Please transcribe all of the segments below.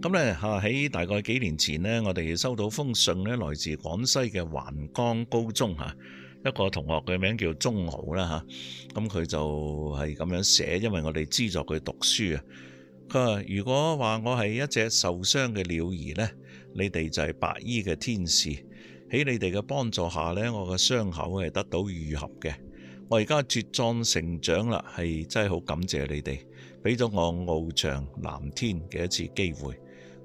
咁咧，吓喺大概幾年前呢，我哋收到封信呢，來自廣西嘅環江高中吓，一個同學嘅名叫鍾豪啦，吓，咁佢就係咁樣寫，因為我哋資助佢讀書啊。佢話如果話我係一隻受傷嘅鳥兒呢，你哋就係白衣嘅天使，喺你哋嘅幫助下呢，我嘅傷口係得到愈合嘅。我而家茁壯成長啦，係真係好感謝你哋，俾咗我翱翔藍天嘅一次機會。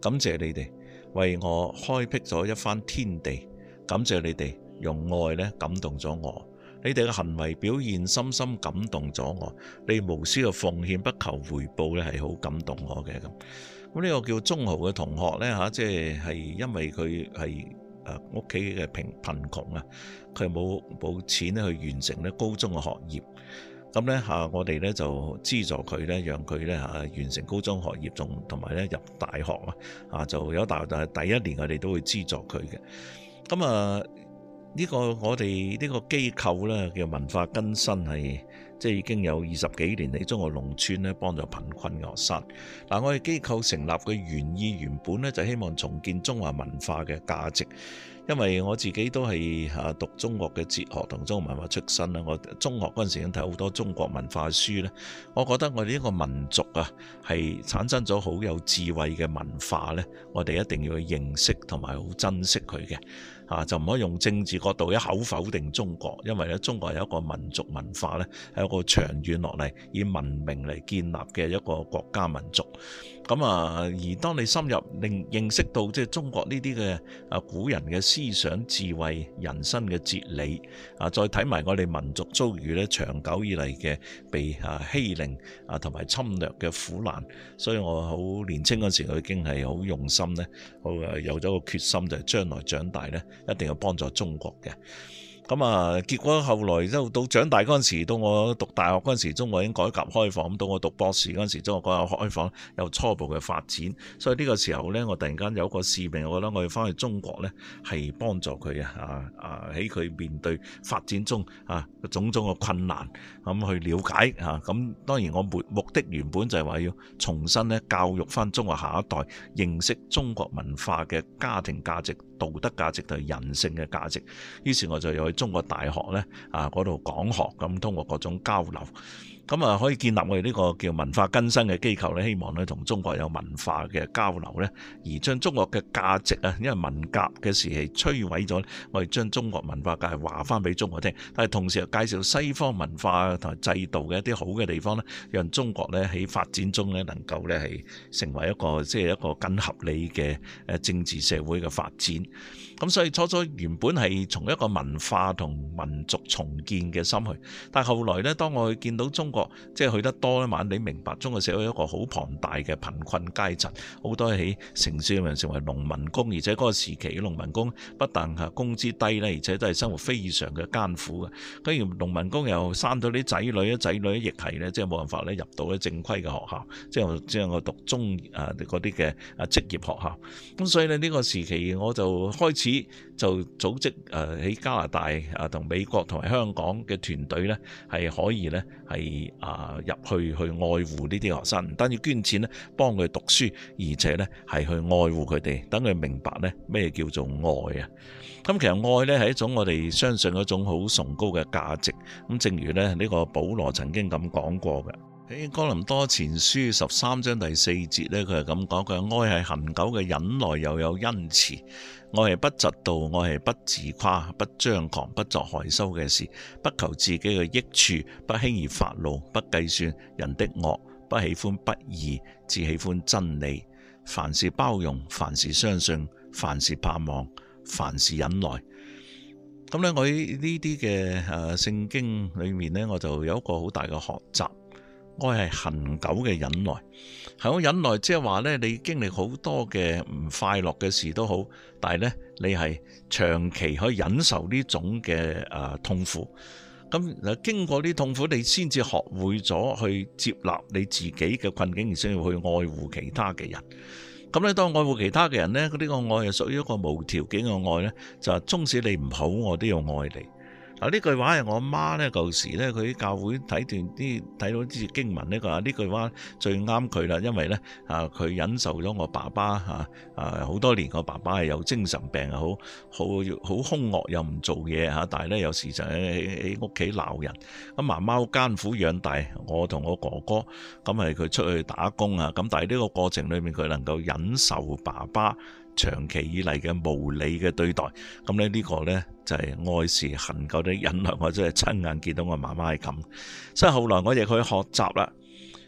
感謝你哋為我開闢咗一番天地，感謝你哋用愛咧感動咗我，你哋嘅行為表現深深感動咗我，你無私嘅奉獻不求回報咧係好感動我嘅。咁。咁呢個叫鍾豪嘅同學咧吓，即係係因為佢係誒屋企嘅貧貧窮啊，佢冇冇錢咧去完成咧高中嘅學業。咁咧我哋咧就資助佢咧，讓佢咧完成高中學業，仲同埋咧入大學啊！啊，就有大學第一年，我哋都會資助佢嘅。咁啊，呢個我哋呢個機構咧嘅文化更新係。即係已經有二十幾年嚟中國農村咧幫助貧困學生。嗱，我哋機構成立嘅原意原本咧就希望重建中華文化嘅價值。因為我自己都係嚇讀中國嘅哲學同中國文化出身啦，我中學嗰陣時已經睇好多中國文化書咧。我覺得我哋呢個民族啊係產生咗好有智慧嘅文化咧，我哋一定要去認識同埋好珍惜佢嘅。啊，就唔可以用政治角度一口否定中國，因為咧中國有一個民族文化咧，係一個長遠落嚟以文明嚟建立嘅一個國家民族。咁啊，而當你深入令認識到即係中國呢啲嘅啊古人嘅思想智慧、人生嘅哲理啊，再睇埋我哋民族遭遇咧長久以嚟嘅被啊欺凌啊同埋侵略嘅苦難，所以我好年輕嗰時，我已經係好用心咧，好有咗個決心，就係將來長大咧。一定要幫助中國嘅，咁啊結果後來到長大嗰陣時，到我讀大學嗰陣時，中國已經改革開放，到我讀博士嗰陣時，中國改革開放，有初步嘅發展，所以呢個時候呢，我突然間有個使命，我覺得我要翻去中國呢，係幫助佢啊啊，喺佢面對發展中啊種種嘅困難，咁、嗯、去了解啊，咁當然我目的原本就係話要重新呢教育翻中國下一代，認識中國文化嘅家庭價值。道德價值同人性嘅價值，於是我就又去中國大學咧啊嗰度講學，咁通過各種交流。咁啊，可以建立我哋呢個叫文化更新嘅機構咧，希望咧同中國有文化嘅交流咧，而將中國嘅價值啊，因為文革嘅時期摧毀咗咧，我哋將中國文化嘅話翻俾中國聽，但係同時又介紹西方文化同埋制度嘅一啲好嘅地方咧，讓中國咧喺發展中咧能夠咧係成為一個即係、就是、一個更合理嘅誒政治社會嘅發展。咁所以初初原本係從一個文化同民族重建嘅心去，但係後來咧，當我去見到中國。即係去得多一晚，你明白中國社會有一個好龐大嘅貧困階層，好多喺城市裡面成為農民工，而且嗰個時期嘅農民工不但係工資低咧，而且都係生活非常嘅艱苦嘅。跟住農民工又生咗啲仔女咧，仔女亦係咧，即係冇辦法咧入到咧正規嘅學校，即係即係我讀中誒嗰啲嘅誒職業學校。咁所以咧呢個時期我就開始就組織誒喺加拿大啊同美國同埋香港嘅團隊咧，係可以咧係。啊！入去去愛護呢啲學生，唔單止捐錢呢幫佢讀書，而且呢係去愛護佢哋，等佢明白呢咩叫做愛啊！咁其實愛呢係一種我哋相信一種好崇高嘅價值。咁正如呢呢個保羅曾經咁講過嘅。喺哥林多前書十三章第四節呢，佢係咁講，佢愛係恆久嘅忍耐，又有恩慈。愛係不嫉妒，愛係不自誇，不張狂，不作害羞嘅事，不求自己嘅益處，不輕易發怒，不計算人的惡，不喜歡不義，只喜歡真理。凡事包容，凡事相信，凡事盼望，凡事忍耐。咁呢，我喺呢啲嘅誒，聖經裏面呢，我就有一個好大嘅學習。愛係恒久嘅忍耐，恒久忍耐，即係話咧，你經歷好多嘅唔快樂嘅事都好，但係咧，你係長期去忍受呢種嘅誒痛苦。咁嗱，經過啲痛苦，你先至學會咗去接納你自己嘅困境，而需要去愛護其他嘅人。咁你當愛護其他嘅人呢，呢、這個愛係屬於一個無條件嘅愛咧，就係縱使你唔好，我都要愛你。嗱，呢句話係我媽咧舊時咧佢喺教會睇段啲睇到啲經文，呢個呢句話最啱佢啦，因為咧啊佢忍受咗我爸爸嚇啊好多年，我爸爸係有精神病，又好好好兇惡，又唔做嘢嚇，但係咧有時就喺喺屋企鬧人。咁媽媽好艱苦養大我同我哥哥，咁係佢出去打工啊，咁但係呢個過程裏面佢能夠忍受爸爸。長期以嚟嘅無理嘅對待，咁咧呢個呢，就係、是、愛是恒久的忍耐，或者係親眼見到我媽媽係咁，所以後來我亦去學習啦，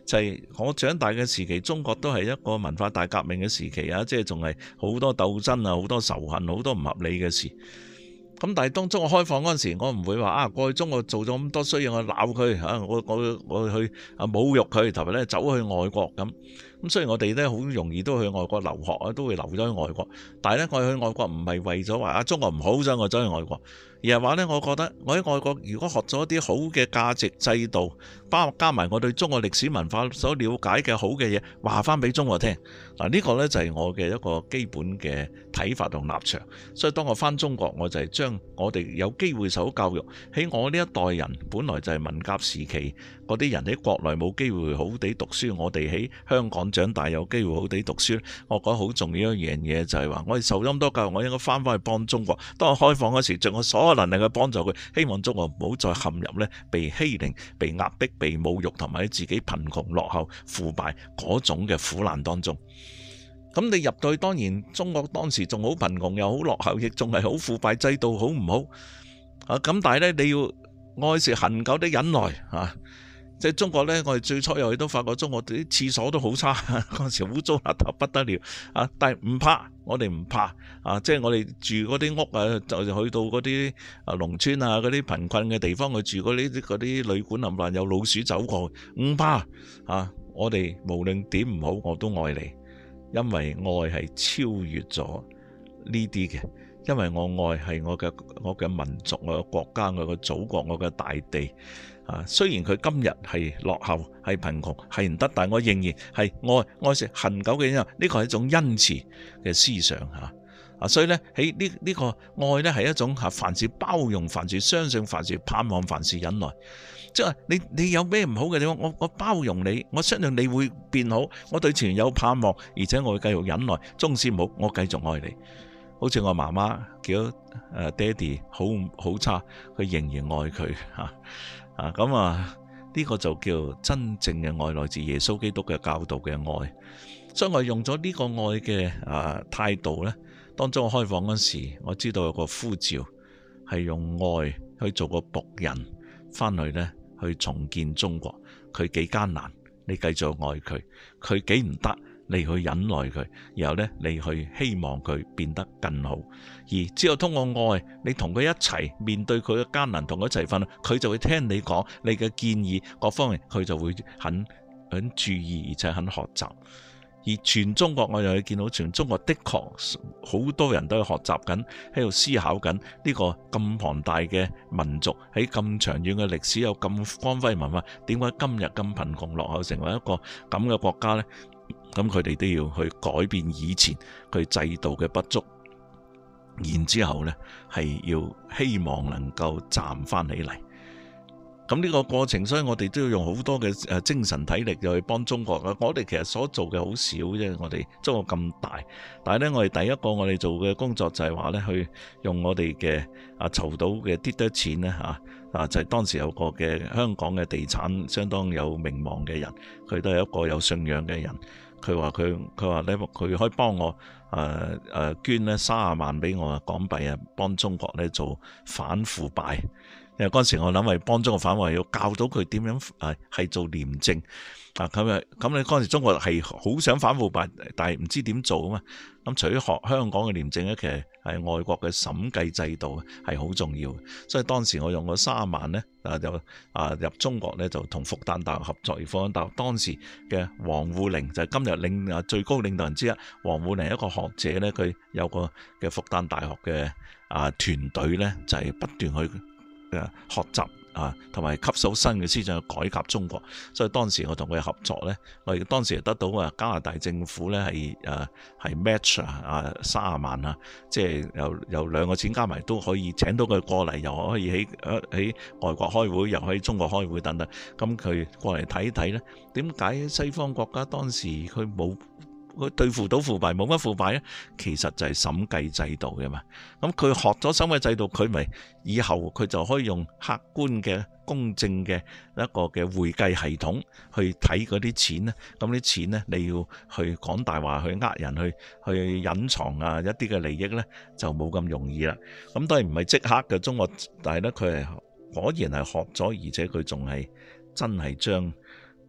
就係、是、我長大嘅時期，中國都係一個文化大革命嘅時期啊，即係仲係好多鬥爭啊，好多仇恨，好多唔合理嘅事。咁但係當中國開放嗰陣時候，我唔會話啊過去中國做咗咁多衰嘢，我鬧佢嚇，我我，我去啊侮辱佢，同埋咧走去外國咁。咁雖然我哋咧好容易都去外國留學啊，都會留咗去外國，但係咧我去外國唔係為咗話啊中國唔好，所以我走去外國，而係話咧，我覺得我喺外國如果學咗啲好嘅價值制度，包括加埋我對中國歷史文化所了解嘅好嘅嘢，話翻俾中國聽嗱，呢、呢個呢，就係我嘅一個基本嘅睇法同立場。所以當我翻中國，我就係將我哋有機會受到教育喺我呢一代人，本來就係文革時期嗰啲人喺國內冇機會好地讀書，我哋喺香港，長大有機會好地讀書，我覺得好重要一樣嘢就係話，我哋受咁多教育，我應該翻翻去幫中國。當我開放嗰時，盡我所有能力去幫助佢，希望中國唔好再陷入呢被欺凌、被壓迫、被侮辱，同埋自己貧窮落後、腐敗嗰種嘅苦難當中。咁你入去，當然中國當時仲好貧窮，又好落後，亦仲係好腐敗，制度好唔好啊？咁但係呢，你要愛是恆久的忍耐啊！即係中國呢，我哋最初又去都發覺，中國啲廁所都好差，嗰時污糟邋遢不得了啊！但係唔怕，我哋唔怕啊！即、就、係、是、我哋住嗰啲屋啊，就去到嗰啲啊農村啊，嗰啲貧困嘅地方去住嗰啲啲旅館，林林有老鼠走過，唔怕啊！我哋無論點唔好，我都愛你，因為愛係超越咗呢啲嘅。因為我愛係我嘅我嘅民族，我嘅國家，我嘅祖國，我嘅大地啊！雖然佢今日係落後、係貧窮、係唔得，但係我仍然係愛，愛是恆久嘅因。呢個係一種恩慈嘅思想嚇啊！所以咧，喺呢呢個愛咧係一種嚇，凡事包容，凡事相信，凡事盼望，凡事忍耐。即係你你有咩唔好嘅地方，我我包容你，我相信你會變好。我對前有盼望，而且我會繼續忍耐，縱使唔好我繼續愛你。好似我媽媽叫爹哋，好好差，佢仍然愛佢吓啊！咁啊，呢個就叫真正嘅愛，來自耶穌基督嘅教導嘅愛。所以我用咗呢個愛嘅啊態度呢，當中我開放嗰時候，我知道有個呼召係用愛去做個僕人，翻去呢去重建中國。佢幾艱難，你繼續愛佢，佢幾唔得，你去忍耐佢，然後呢，你去希望佢變得更好。而只有通過愛你同佢一齊面對佢嘅艱難，同佢一齊瞓，佢就會聽你講你嘅建議，各方面佢就會很很注意，而且肯學習。而全中國我又去見到，全中國的確好多人都去學習緊，喺度思考緊呢個咁龐大嘅民族喺咁長遠嘅歷史有咁光輝文化，點解今日咁貧窮落後成為一個咁嘅國家呢？咁佢哋都要去改變以前佢制度嘅不足，然之後咧係要希望能夠站翻起嚟。咁呢個過程，所以我哋都要用好多嘅誒精神體力，就去幫中國。我哋其實所做嘅好少啫，我哋中國咁大，但係呢，我哋第一個我哋做嘅工作就係話呢：去用我哋嘅啊籌到嘅啲多錢呢嚇，啊，點點啊就係、是、當時有個嘅香港嘅地產相當有名望嘅人，佢都係一個有信仰嘅人，佢話佢佢話咧，佢可以幫我誒誒捐咧三十萬俾我港幣啊，幫中國咧做反腐敗。因為嗰陣時，我諗為幫中國反華，要教到佢點樣誒係做廉政啊。咁啊，咁你嗰陣時中國係好想反腐敗，但係唔知點做啊嘛。咁除咗學香港嘅廉政咧，其實係外國嘅審計制度係好重要。所以當時我用咗三萬咧啊，就啊入中國咧就同復旦大學合作，而復旦大學當時嘅王滬寧就係、是、今日領啊最高領導人之一。王滬寧一個學者咧，佢有個嘅復旦大學嘅啊團隊咧，就係不斷去。學習啊，同埋吸收新嘅思想去改革中國，所以當時我同佢合作呢，我哋當時得到啊加拿大政府咧係誒係 match 啊，啊三十萬啊，即係有又兩個錢加埋都可以請到佢過嚟，又可以喺喺、啊、外國開會，又可以中國開會等等，咁佢過嚟睇睇呢，點解西方國家當時佢冇？佢對付到腐敗，冇乜腐敗呢，其實就係審計制度嘅嘛。咁佢學咗審計制度，佢咪以後佢就可以用客觀嘅、公正嘅一個嘅會計系統去睇嗰啲錢呢。咁啲錢呢，你要去講大話去呃人去去隱藏啊一啲嘅利益呢，就冇咁容易啦。咁當然唔係即刻嘅，中國但係呢，佢係果然係學咗，而且佢仲係真係將。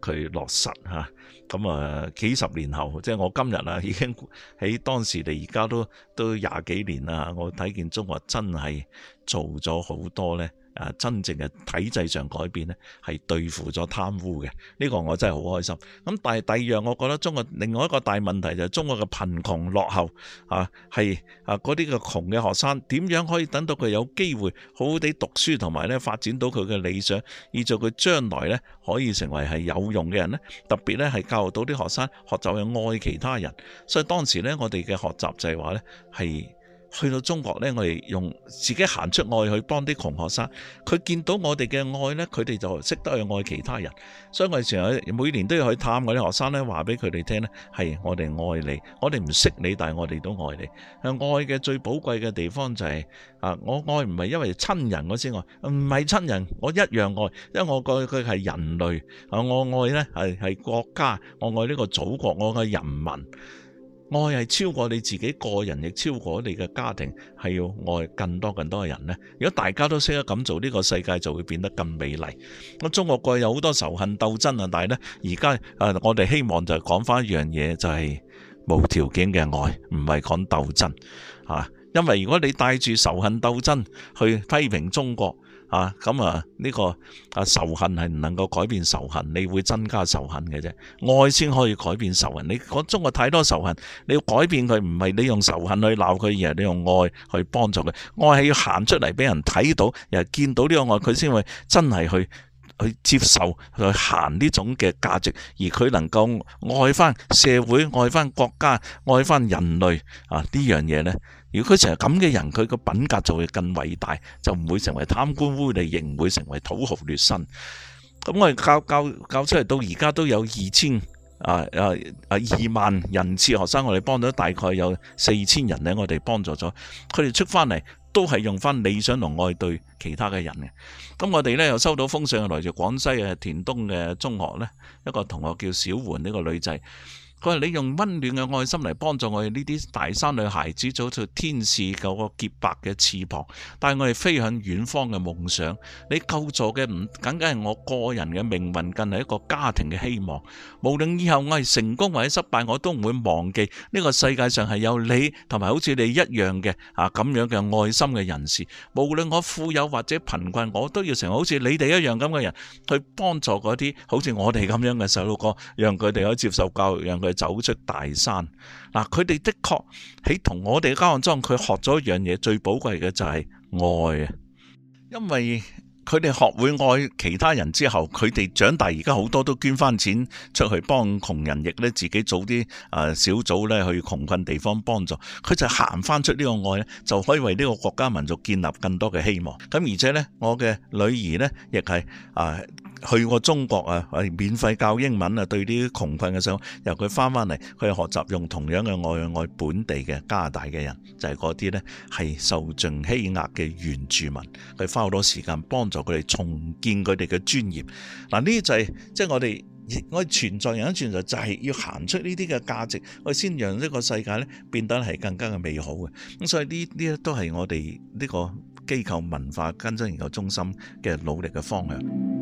佢落實嚇，咁啊幾十年後，即係我今日啊，已經喺當時嚟而家都都廿幾年啦，我睇見中國真係做咗好多咧。啊！真正嘅體制上改變呢，係對付咗貪污嘅，呢個我真係好開心。咁但係第二樣，我覺得中國另外一個大問題就係中國嘅貧窮落後啊，係啊嗰啲嘅窮嘅學生點樣可以等到佢有機會好好地讀書，同埋咧發展到佢嘅理想，以做佢將來咧可以成為係有用嘅人咧。特別咧係教育到啲學生學習去愛其他人。所以當時呢，我哋嘅學習就係話呢。係。去到中國呢，我哋用自己行出愛去幫啲窮學生，佢見到我哋嘅愛呢，佢哋就識得去愛其他人。所以我哋成日每年都要去探我啲學生呢，話俾佢哋聽呢，係我哋愛你，我哋唔識你，但係我哋都愛你。愛嘅最寶貴嘅地方就係啊，我愛唔係因為親人我先愛，唔係親人我一樣愛，因為我愛佢係人類啊，我愛呢係係國家，我愛呢個祖國，我愛人民。愛係超過你自己個人，亦超過你嘅家庭，係要愛更多更多嘅人咧。如果大家都識得咁做，呢個世界就會變得更美麗。咁中國過去有好多仇恨鬥爭啊，但係呢，而家誒，我哋希望就係講翻一樣嘢，就係無條件嘅愛，唔係講鬥爭啊。因為如果你帶住仇恨鬥爭去批評中國，啊，咁、這、啊、個，呢個啊仇恨係唔能夠改變仇恨，你會增加仇恨嘅啫，愛先可以改變仇恨。你講中國太多仇恨，你要改變佢，唔係你用仇恨去鬧佢，而係你用愛去幫助佢。愛係要行出嚟俾人睇到，又見到呢個愛，佢先會真係去。去接受去行呢種嘅價值，而佢能夠愛翻社會、愛翻國家、愛翻人類啊！呢樣嘢呢，如果佢成日咁嘅人，佢個品格就會更偉大，就唔會成為貪官污吏，亦唔會成為土豪劣紳。咁、嗯、我哋教教教出嚟到而家都有二千啊啊二萬人次學生，我哋幫到大概有四千人呢，我哋幫助咗佢哋出翻嚟。都係用翻理想同愛對其他嘅人嘅，咁我哋呢又收到封信，係來自廣西嘅田東嘅中學呢一個同學叫小媛呢、呢個女仔。佢話你用溫暖嘅愛心嚟幫助我哋呢啲大山裏孩子，做做天使嗰個潔白嘅翅膀，帶我哋飛向遠方嘅夢想。你救助嘅唔僅僅係我個人嘅命運，更係一個家庭嘅希望。無論以後我係成功或者失敗，我都唔會忘記呢個世界上係有你同埋好似你一樣嘅啊咁樣嘅愛心嘅人士。無論我富有或者貧困，我都要成為好似你哋一樣咁嘅人去幫助嗰啲好似我哋咁樣嘅細路哥，讓佢哋可以接受教育，讓佢。走出大山嗱，佢哋的確喺同我哋交往中，佢學咗一樣嘢，最寶貴嘅就係愛啊，因為。佢哋學會愛其他人之後，佢哋長大而家好多都捐翻錢出去幫窮人，亦咧自己組啲誒小組咧去窮困地方幫助。佢就行翻出呢個愛咧，就可以為呢個國家民族建立更多嘅希望。咁而且咧，我嘅女兒咧亦係啊去過中國啊，係免費教英文啊，對啲窮困嘅小朋友。由佢翻翻嚟，佢係學習用同樣嘅愛愛本地嘅加拿大嘅人，就係嗰啲咧係受盡欺壓嘅原住民。佢花好多時間幫。就佢哋重建佢哋嘅專業，嗱呢啲就係即係我哋我哋存在人存在就係要行出呢啲嘅價值，我哋先讓呢個世界咧變得係更加嘅美好嘅。咁所以呢啲都係我哋呢個機構文化更新研究中心嘅努力嘅方向。